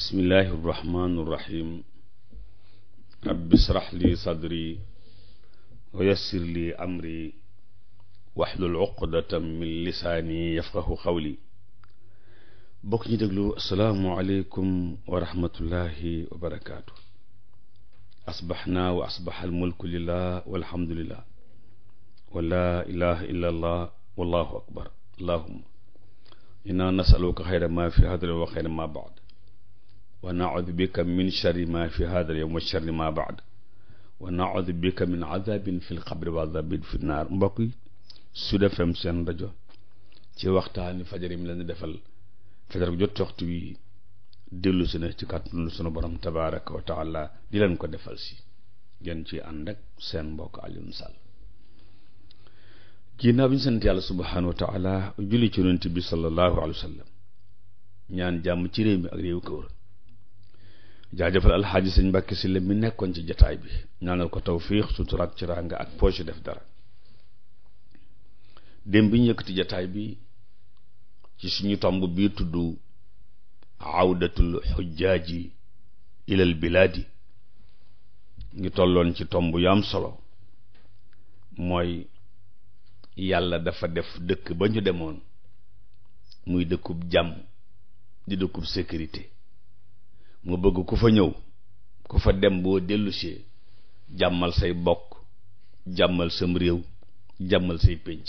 bismillaahi rahmaani rahiim rabbi israh li sadri wa yassir li amri waxlul uqdatam min lisaani yafqahu qawli bokk ñi déglu asalaamu aleykum wa rahmatullahi wa barakaatu asbaxnaa wa asbaxa almulku lillah walhamdulillah wa laa ilaha illa allah wallahu akbar allahuma inna nasaluka xayra ma fi hadra wa xayra ma baad wa naudu bika min sharri ma fi hada al-yawm wa sharri ma ba'd wa naudu bika min azabin fi l-qabri wa azabin fi naar mbokk yi Sud FM seen rajo ci waxtaani fajar yi mu leen defal fajar bu jot waxtu wi dellu si na ci kàttanu sunu borom tabaaraka wa taala di leen ko defal si ngeen ci ànd ak seen mbokk Alioune Sall ginnaaw bi ñu sant yàlla subhaanahu wa taala julli ci yonent bi sallallahu alayhi wa sallam ñaan jàmm ci réew mi ak réew ko wër jaajëfal alxaaji sëñ Mbàkke si la mi nekkoon ci jataay bi ñaanal ko tawfiix sutura ak ci ranga ak def dara démb bi yëkkati jataay bi ci suñu tomb bii tudd awdatul xujjaaji ilal bilaadi ngi tolloon ci tomb yu am solo mooy yàlla dafa def dëkk ba ñu demoon muy dëkkub jàmm di dëkkub sécurité mu bëgg ku fa ñëw ku fa dem boo dellusee jàmmal say bokk jàmmal sam réew jàmmal say pénc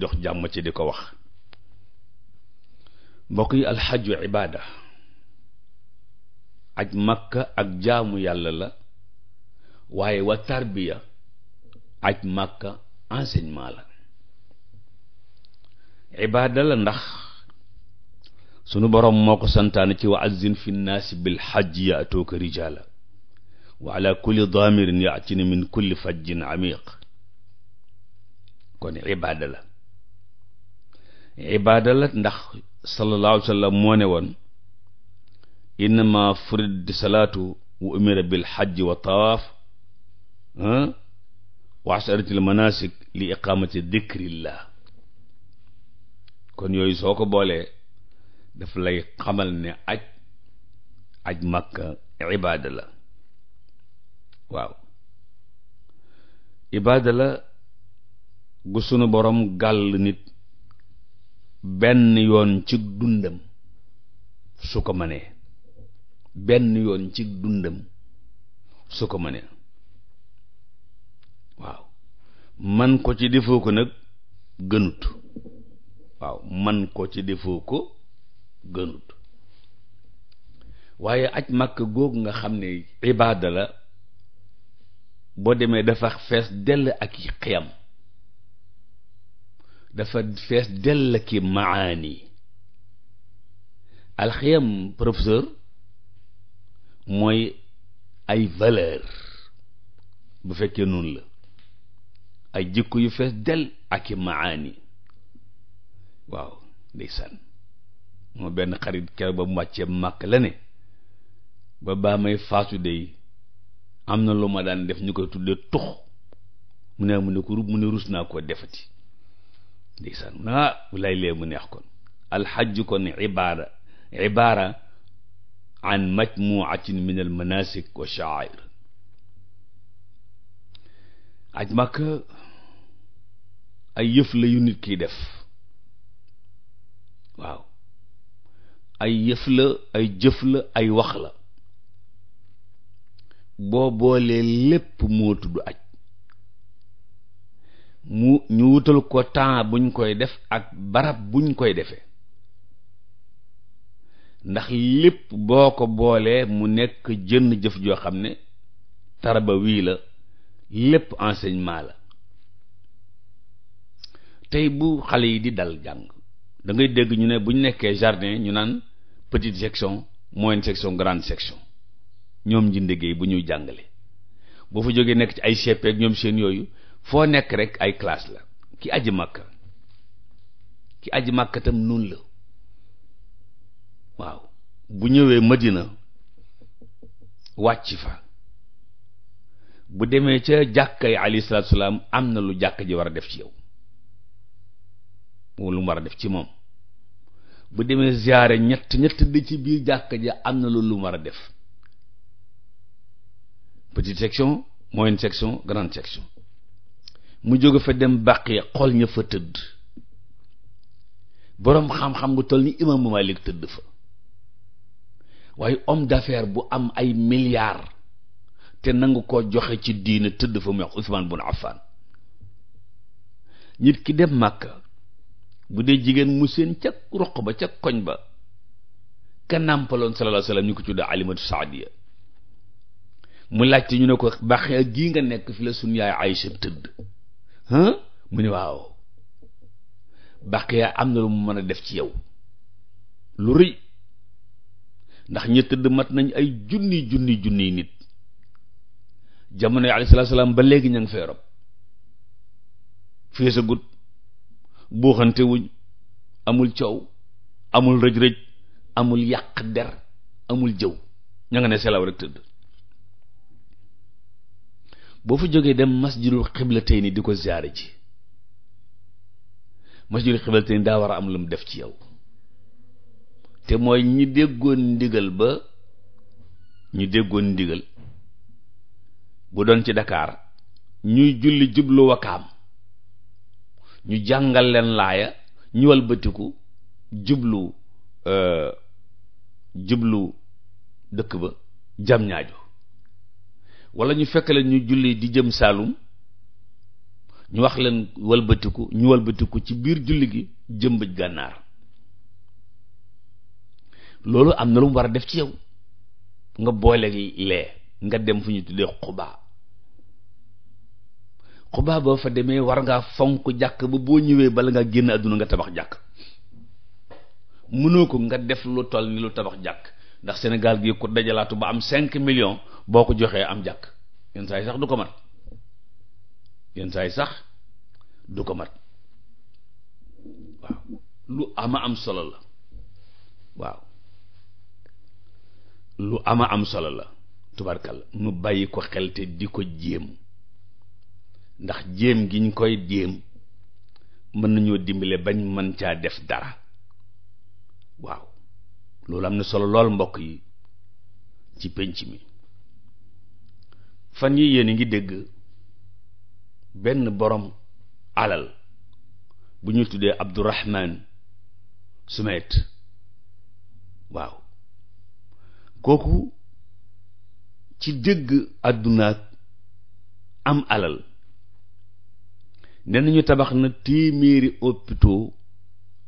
dox jàmm ci di ko wax mbokk yi alxaju ibaada aj makka ak jaamu yàlla la waaye wa tarbiya aj makka enseignement la ibaada la ndax sunu borom moo ko santaane ci wa azzin fi nnaasi bil hajji ya'tuuka rijaala wa ala kulli daamirin ya'tina min kulli fajjin amiq kon ibaada la ibaada la ndax sallallahu alayhi wa sallam moo ne woon innama furid salaatu wa umira bil hajji wa tawaaf ah, wa li iqaamati dikrillah kon yooyu soo ko boolee daf lay xamal ne aj aj màkka ibaada la waaw ibaada la gu sunu borom gàll nit benn yoon ci dundam su ko mënee benn yoon ci dundam su ko mënee waaw man ko ci defoo ko nag gënut waaw man ko ci defoo ko gënut waaye aj makk googu nga xam ne ibaada la boo demee dafa fees dell ak i xiyam dafa fees dell ki maani alxiyam professeur mooy ay valeur bu fekkee noonu la ay jikko yu fees dell ak i maani waaw ndeysaan moo benn xarit keroog ba mu wàccee màkk la ne ba baa may faatu dey am na lu ma daan def ñu koy tuddee tux mu ne mu ne ko mu ne rus naa koo defati ndeysaan mu ne ah lee mu neex kon alxajju kon ibaara ibaara an majmuatin min al manasik wa sha'air aj màkk ay yëf la yu nit kiy def waaw ay yëf la ay jëf la ay wax la boo boolee lépp moo tudd aj mu ñu wutal ko temps buñ koy def ak barab buñ koy defee ndax lépp boo ko boolee mu nekk jënn jëf joo xam ne taraba wii la lépp enseignement la tey bu xale yi di dal jàng da ngay dégg ñu ne bu ñu nekkee jardin ñu naan petite section moyenne section grande section ñoom njinde géey bu ñuy jàngale boo fa jógee nekk ci ay CP ak ñoom seen yooyu foo nekk rek ay classe la ki aji màkka ki aji màkka tam nun la waaw bu ñëwee Madina wàcc fa bu demee ca jàkkay alayhi salaatu salaam am na lu jàkk ji war a def ci yow moom lu mu a def ci moom bu demee ziyaare ñett ñett ci biir jàkka ja am na lu mu a def petite section moyenne mu jóge fa dem bàqee xool ña fa tëdd boroom xam-xam nga toll ni imaamu Malik tëdd fa waaye homme d'affaires bu am ay milliards te nangu ko joxe ci diine tëdd fa mu wax Usmaan bun Affaan nit ki dem Màkka bu dee jigéen mu seen ca roq ba ca koñ ba ka nàmpaloon sallallahu alayhi wasallam ñu ko tudd alimatu saadiya mu laajte ñu ne ko baax gii nga nekk fi la suñu yaay Aïcha tëdd mu ne waaw bàq yaa am na lu mu mën a def ci yow lu rëy ndax ñi tëdd mat nañ ay junni junni junni nit jamono yi alayhi salaam ba léegi ña ngi fee rob feesagut buuxantewuñ amul coow amul rëj-rëj amul yàq der amul jëw ña ngi ne selaw rek tëdd boo fa jógee dem masjidul xiblatayni di ko ziyaare ji masjidul ni daa war a am lu mu def ci yow te mooy ñu déggoon ndigal ba ñu déggoon ndigal bu doon ci Dakar ñuy julli jublu wakaam ñu jàngal leen laaya ñu walbatiku jublu euh, jublu dëkk ba jam ñaajo walla ñu fekk leen ñu julli di jëm saalum ñu wax leen walbatiku ñu walbatiku ci biir julli gi jëm bëj gànnaar loolu am na lu mu war a def ci yow nga boole lee nga dem fu ñu tuddee xubaa xubaa boo fa demee war ngaa fonk jàkk ba boo ñëwee bala ngaa génn àdduna nga tabax jàkk mënoo ko nga def lu toll ni lu tabax jàkk ndax Sénégal gi ko dajalaatu ba am cinq millions boo ko joxee am jàkk yenn saa sax du ko mat yenn saa yi sax du ko mat waaw lu ama am solo la waaw lu ama am solo la tubarkal nu bàyyi ko xel te di ko jéem ndax jéem gi ñu koy jéem mën nañoo dimbale bañ mën caa def dara waaw loolu am na solo lool mbokk yi ci pénc mi fan yi yéen ngi dégg benn boroom alal bu ñu tuddee Abdourahman Sumayt waaw kooku ci dégg àddunaak am alal nee nañu tabax na téeméeri hôpitaux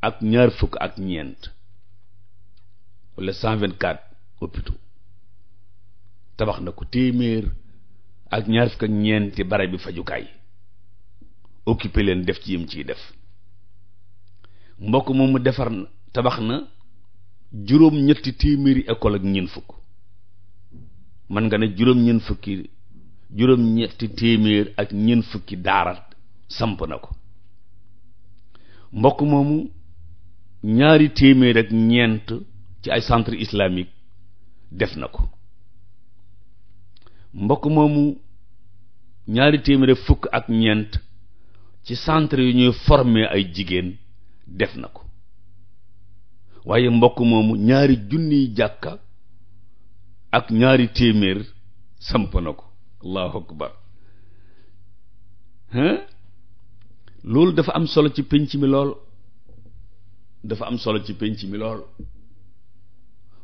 ak ñaar fukk ak ñeent wala cent vingt quatre hôpitaux tabax na ko téeméer ak ñaar fukk ak ñeenti barab bi fajukaay occupé leen def ci yim ciy def mbokk moom mu defar tabax na juróom ñetti téeméeri école ak ñeent fukk mën nga ne juróom ñeent fukki juróom ñetti téeméer ak ñeent fukki daara samp na ko mbokk moomu ñaari téeméer ak ñeent ci ay centre islamique def na ko mbokk moomu ñaari téeméer ak fukk ak ñeent ci centre yu ñuy former ay jigéen def na ko waaye mbokk moomu ñaari junniy jàkka ak ñaari téeméer samp na ko allahu akbar loolu dafa am solo ci pénc mi lool dafa am solo ci pénc mi lool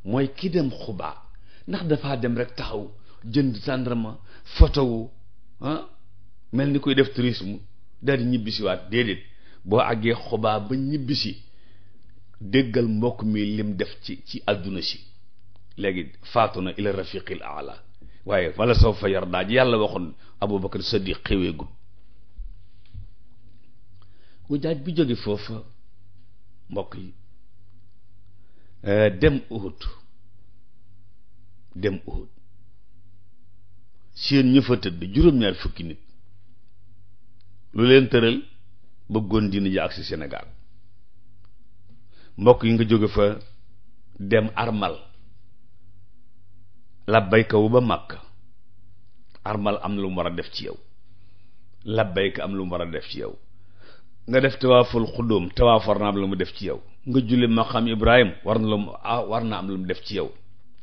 mooy kii dem xubaa ndax dafaa dem rek taxaw jënd sàndarma photo ah, mel ni koy def tourisme daal di ñibbisiwaat déedéet boo àggee xubaa ba ñibbisi déggal mbokk mi lim def ci ci àdduna si léegi faatu na ila rafiqil ala waaye wala sawfa yardaa ji yàlla waxoon abubakar sadiq xéweegul bu jaaj bi jóge foofa mbokk yi euh, dem Uhud dem Uhud seen ñu fa tëdd juróom-ñaar fukki nit lu leen tëral bëggoon dina ja ak si Sénégal mbokk yi nga jóge fa dem armal labbayka wu ba màkk armal am lu mu war a def ci yow labbayka am lu mu war a def ci yow nga def tawaaful xuddóom tawaaf war na am la mu def ci yow nga julli maqaam Ibrahim war na la ah, war na am def ci yow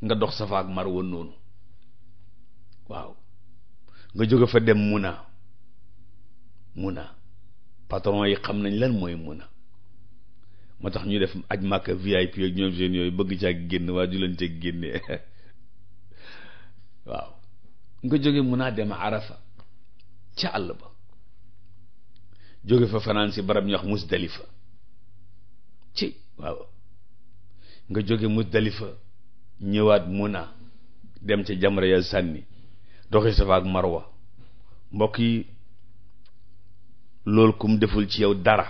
nga dox safa ak marwa noonu waaw nga jóge fa dem muna muna patron yi xam nañ lan mooy muna moo tax ñu def ak màkka VIP ak ñoom seen yooyu bëgg caa génn waa ju leen ca génne waaw nga jóge muna dem arafa ca àll ba jóge fa fanaan si barab ñu wax musdalifa ci waaw nga jóge musdalifa ñëwaat a dem ca jamra ya sànni doxi safa ak marwa mbokk yi loolu kum deful ci yow dara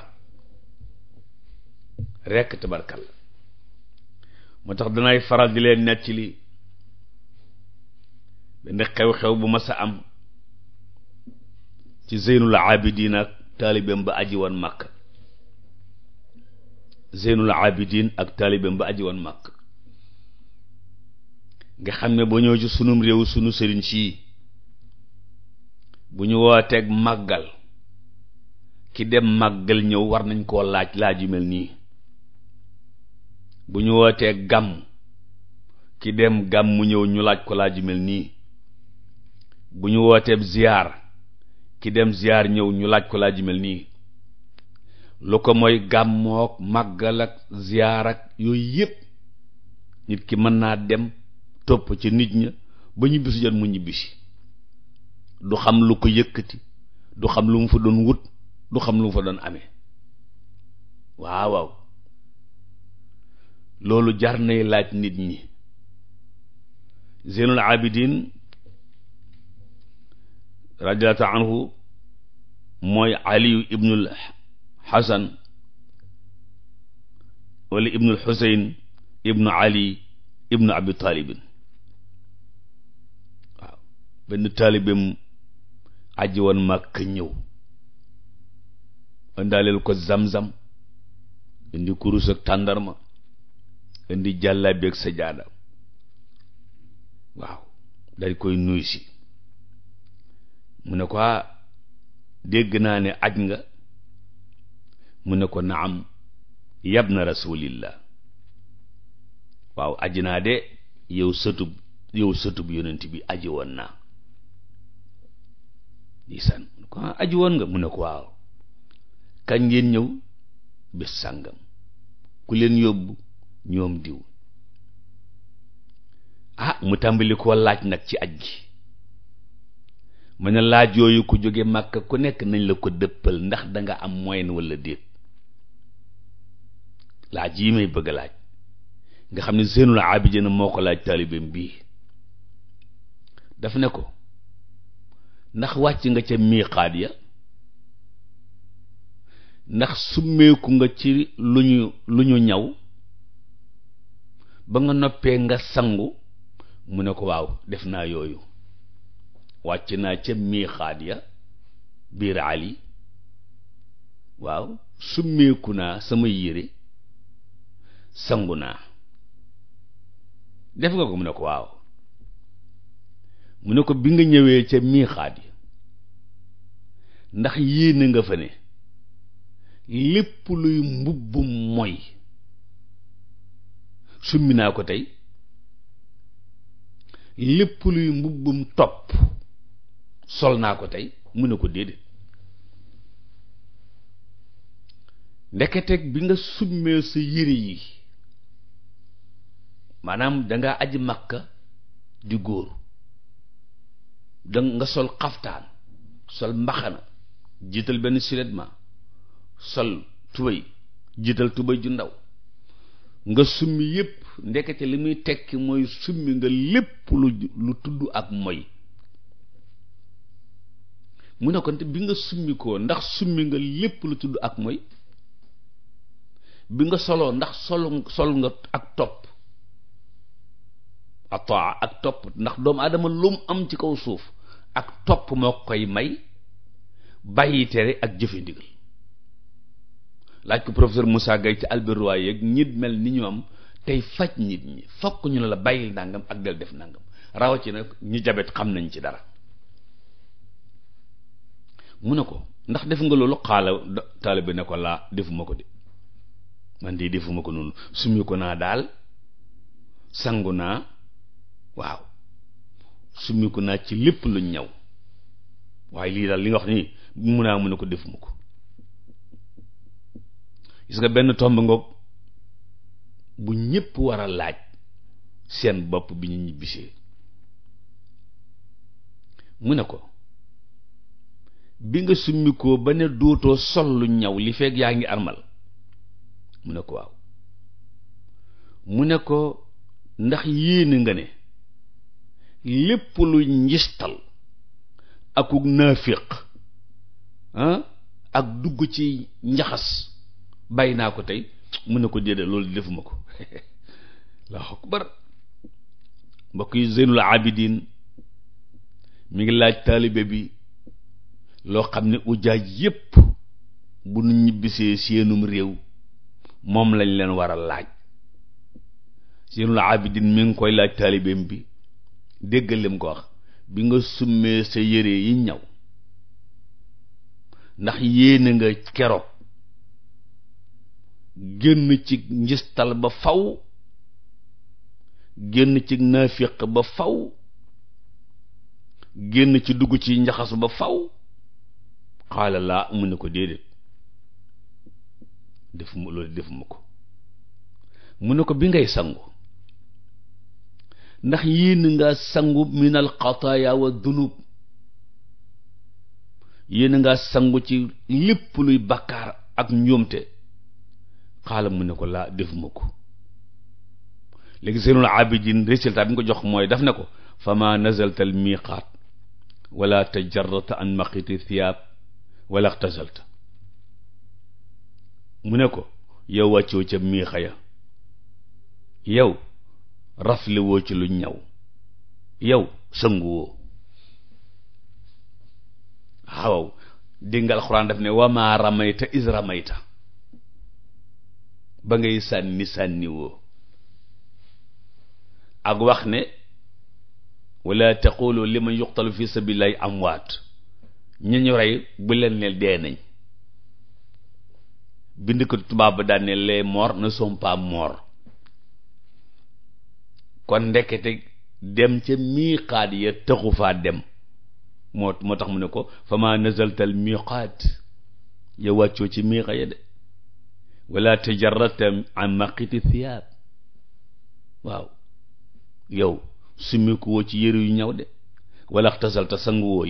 rekk tabarkal moo tax danay faral di leen nett ci li benn xew-xew bu mas a am ci zeynul abidin ak taalibeem ba aji woon màkk Zeynul ak taalibeem ba aji woon màkk nga xam ne ba ñëw ci sunum réew sunu sëriñ sii bu ñu wooteeg màggal ki dem màggal ñëw war nañ koo laaj laa yu mel nii bu ñu wootee gàmm ki dem gàmm mu ñëw ñu laaj ko laa yu mel nii bu ñu wooteeb ziyaar ki dem ziyaar ñëw ñu laaj ko laa ji nii lu ko mooy gàmmoog màggal ak ziyaar ak yooyu yëpp nit ki mën naa dem topp ci nit ña ba ñibbisi jot mu ñibbisi du xam lu ko yëkkati du xam lu mu fa doon wut du xam lu mu fa doon ame waaw waaw loolu jar nay laaj nit ñi Zeynul Abidin radiallahu anhu mooy aliyu ibnul xasan wala ibnul xuseyn ibnu ali ibnu abi taalibin waaw benn taalibim aji woon màkk ñëw ko zam indi kurus tàndarma indi jàllaabi sajaada waaw dañ koy nuyu mu ne ko ah dégg naa ne aj nga mu ne ko naam yab yabna rasulillah waaw aji naa de yow sëtub yow sëtub yonent bi aji woon naa diisan mu ne ko ah aji woon nga mu ne ko waaw kañ ngeen ñëw bés sàngam ku leen yóbbu ñoom diw ah mu tàmbali koo laaj nag ci aj gi mu laaj yooyu ku jóge màkk ku nekk nañ la ko dëppal ndax danga am moyen walla déet laaj yi may bëgg a laaj nga xam ne Zeynul Abidin moo ko laaj taalibeem bii daf ne ko ndax wàcc nga ca miixaat ya ndax summeeku nga ci lu ñu lu ñu ñaw ba nga noppee nga sangu mu ne ko waaw def naa yooyu wàcc naa ca miixaat ya biir ali waaw summeeku naa sama yére sangu naa def nga ko mu ne ko waaw mu ne ko bi nga ñëwee ca miixaat yi ndax yéene nga fa ne lépp luy mbubbum moy summi naa ko tey lépp luy mbubbum topp sol naa ko tey mu ne ko déedéet ndeketeeg bi nga summee sa yére yi maanaam danga aji makka di góor da nga sol xaftaan sol mbaxana jiital benn silet sol tubéy jiital tubéy ju ndaw nga summi yépp ndekete li muy tekki mooy summi nga lépp lu tudd ak moy mu ne ko bi nga summi koo ndax summi nga lépp lu tudd ak mooy bi nga soloo ndax sol sol nga ak topp ataa ak topp ndax doomu aadama lu mu am ci kaw suuf ak topp moo koy may bàyyi tere ak jëfe ndigal laaj ko professeur Moussa Gueye ci Albert Royer yeeg ñit mel ni ñoom tey faj nit ñi fokk ñu la bàyyil nangam ak del def nangam rawatina ñu jabet xam nañ ci dara mu ne ko ndax def nga loolu xaala taalibe ne ko laa defuma ko de man de defuma ko noonu summi naa daal sangu naa waaw summi naa ci lépp luñ ñaw waaye lii daal li nga wax nii mun naa mu ne ko defuma ko gis nga benn tomb ngoog bu ñépp war a laaj seen bopp bi ñu ñibbisee mu ne ko bi nga summikoo ba ne dootoo sol lu ñaw li fekk yaa ngi armal mu ne ko waaw mu ne ko ndax yéene nga ne lépp lu njistal akuk naafiq ah ak dugg ci njaxas bàyyi naa ko tey mu ne ko déedéet loolu di defuma ko allahu akbar mbokk yi zeynul abidin mi ngi laaj taalibe bi loo xam ne ujaaj yépp bu nu ñibbisee seenum réew moom lañ leen war a laaj seenul abidin mi ngi koy laaj taalibeem bi déggal ko wax bi nga summee sa yére yi ñaw ndax yéene nga keroog génn ci njistal ba faw génn ci naafiq ba faw génn ci dugg ci njaxas ba faw xaala laa mu ne ko déedéet defuma loolu defuma ko mu ne ko bi ngay sangu ndax yéen nga sangu min al xataaya wa dunub yéen nga sangu ci lépp luy bàkkaar ak njuumte xaala mu ne ko laa defuma ko léegi seenul abidin résultat bi nga ko jox mooy daf ne ko fa ma nazalta al miqaat wala tajarrata an maqiti thiyaab wala mu ne ko yow wàccoo ca miixa ya yow rafle woo ci lu ñaw yow sëngu woo waaw dinga alxuraan daf ne wamaa ramayta is ramayta ba ngay sànni sànni woo ak wax ne wala taqulu ma yuqtalu fi sabilillahi amwaat ñu ñu rey bu leen ne dee nañ bind ko tubaab ba daan ne les na ne sont kon ndekete dem ca miiqaat ya taxu faa dem moo tax mu ne ko fa ma nazaltal miiqaat ya wàccoo ci miiqa ya de wala tajarrata an maqiti thiyaab waaw yow summi ci yére yu ñaw de wala xtasalta sangu woo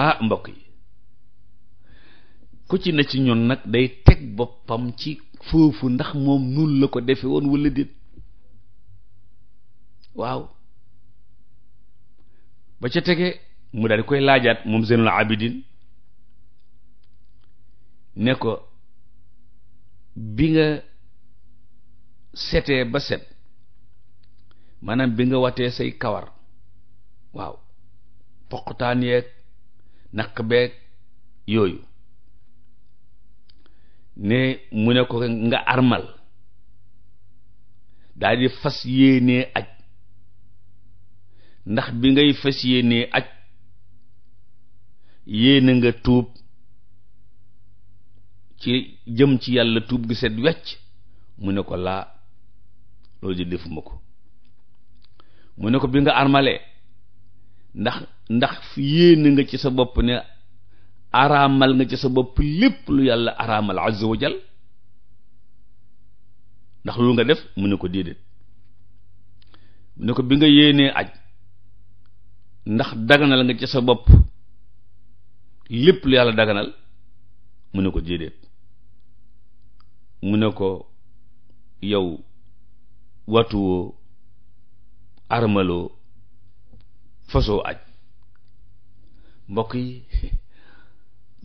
ah mbokk yi ku ci ne ci ñun nag day teg boppam ci foofu ndax moom nun la ko defe woon wala déet waaw ba ca tege mu daal di koy laajaat moom Zaynul Abidin ne ko bi nga setee ba set maanaam bi nga watee say kawar waaw poqutaan yeeg naq beeg yooyu ne mu ne ko nga armal daal di fas yéenee aj ndax bi ngay fas yéenee aj yéene nga tuub ci jëm ci yàlla tuub gi set wecc mu ne ko laa loolu di defuma ko mu ne ko bi nga armalee ndax ndax yéen nga ci sa bopp ne araamal nga ci sa bopp lépp lu yàlla araamal azza wa jal ndax loolu nga def mu ne ko déedéet mu ne ko bi nga yéenee aj ndax daganal nga ci sa bopp lépp lu yàlla daganal mu ne ko déedéet mu ne ko yow watuwoo armaloo fasoo aj mbokk yi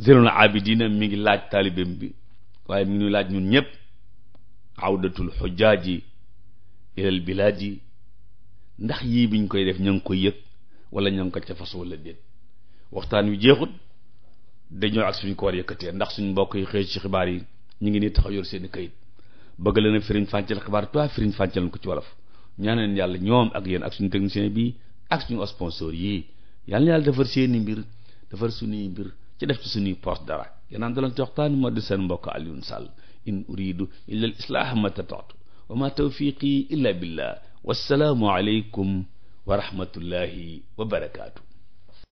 Zaynul Abidina mi ngi laaj taalibeem bi waaye mi ngi laaj ñun ñëpp awdatul xujjaaji ilal bilaadi ndax yii biñ koy def ña ngi koy yëg wala ña ngi ko ca fas wala déet waxtaan wi jeexut dañoo ak suñu ko war yëkkatee ndax suñu mbokk yi xëy ci xibaar yi ñu ngi ne taxaw yor seeni i kayit bëgg la na firiñ fàncal xibaar toi firiñ fàncal ko ci wolof ñaaneen yàlla ñoom ak yéen ak suñu technicien bii ak suñu sponsor yii yal na yàlla defar seeni mbir defar suñuy mbir ci def ci suñuy poste dara yenaan doon ci waxtaan moo seen mbokk Alioune Sall in uridu illa al islaaha ma tataatu wa ma tawfiqi illa billah wassalaamu aleykum wa rahmatullahi wa barakaatu